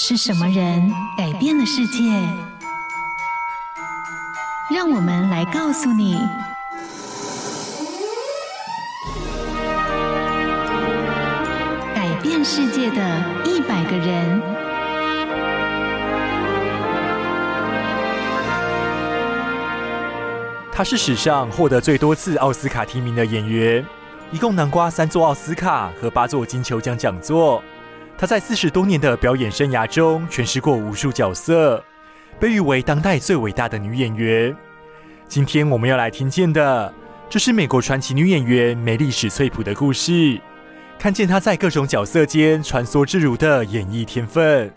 是什麼人改變了世界？讓我們來告訴你：改變世界的一百個人。她是史上獲得最多次奧斯卡提名的演員，一共囊括三座奧斯卡和八座金球獎獎座。她在四十多年的表演生涯中詮釋過無數角色，被譽為當代最偉大的女演員。今天我們要來聽見的，這是美國傳奇女演員梅莉史翠普的故事。看見她在各種角色間穿梭自如的演藝天分。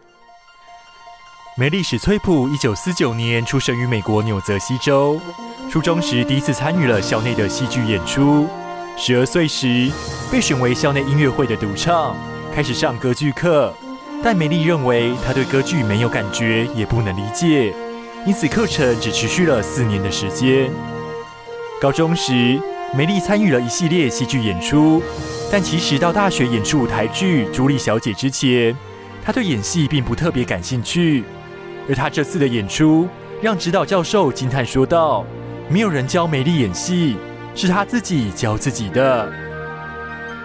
梅莉史翠普一九四九年出生於美國紐澤西州，初中時第一次參與了校內的戲劇演出，十二歲時被選為校內音樂會的獨唱。開始上歌劇課，但梅莉認為她對歌劇沒有感覺，也不能理解，因此課程只持續了四年的時間。高中時，梅莉參與了一系列戲劇演出，但其實到大學演出舞台劇《朱莉小姐》之前，她對演戲並不特別感興趣。而她這次的演出，讓指導教授驚嘆說道：“沒有人教梅莉演戲，是她自己教自己的。”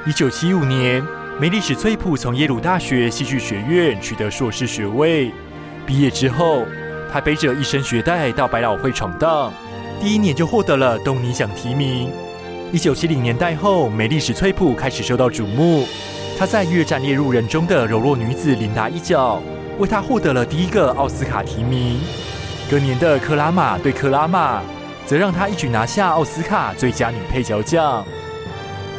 一九七五年。梅莉史翠普從耶魯大學戲劇學院取得碩士學位，畢業之後，她背着一身學帶到百老匯闖蕩，第一年就獲得了東尼獎提名。一九七零年代後，梅莉史翠普開始受到矚目，她在《越戰獵鹿人》中的柔弱女子琳達一角，為她獲得了第一個奧斯卡提名。隔年的《克拉瑪對克拉瑪》則讓她一舉拿下奧斯卡最佳女配角獎。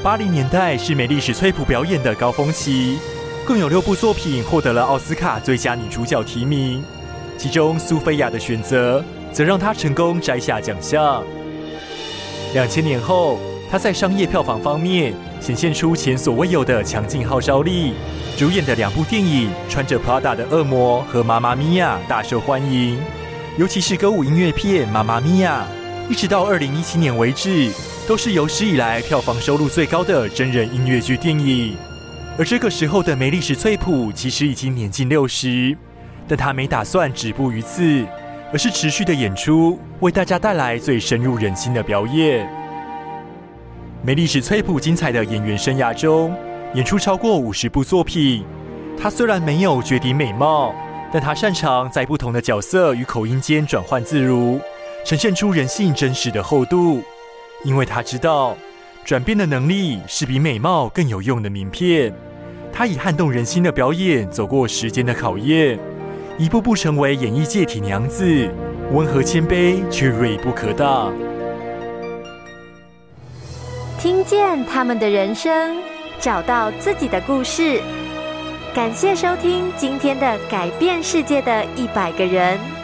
八零年代是梅莉史翠普表演的高峰期，更有六部作品獲得了奧斯卡最佳女主角提名。其中《蘇菲亞的選擇》則讓她成功摘下獎項。兩千年後，她在商業票房方面顯現出前所未有的強勁號召力。主演的兩部電影《穿着 Prada 的惡魔》和《媽媽咪呀》大受歡迎，尤其是歌舞音樂片《媽媽咪呀》，一直到二零一七年為止。都是有史以來票房收入最高的真人音樂劇電影，而這個時候的梅莉史翠普其實已經年近六十，但她沒打算止步於此，而是持續的演出，為大家帶來最深入人心的表演。梅莉史翠普精彩的演員生涯中，演出超過五十部作品。她雖然沒有絕頂美貌，但她擅長在不同的角色與口音間轉換自如，呈現出人性真實的厚度。因為他知道，轉變的能力是比美貌更有用的名片。他以撼動人心的表演走過時間的考驗，一步步成為演藝界鐵娘子，溫和謙卑卻銳不可當。聽見他們的人生，找到自己的故事。感謝收聽今天的改變世界的一百個人。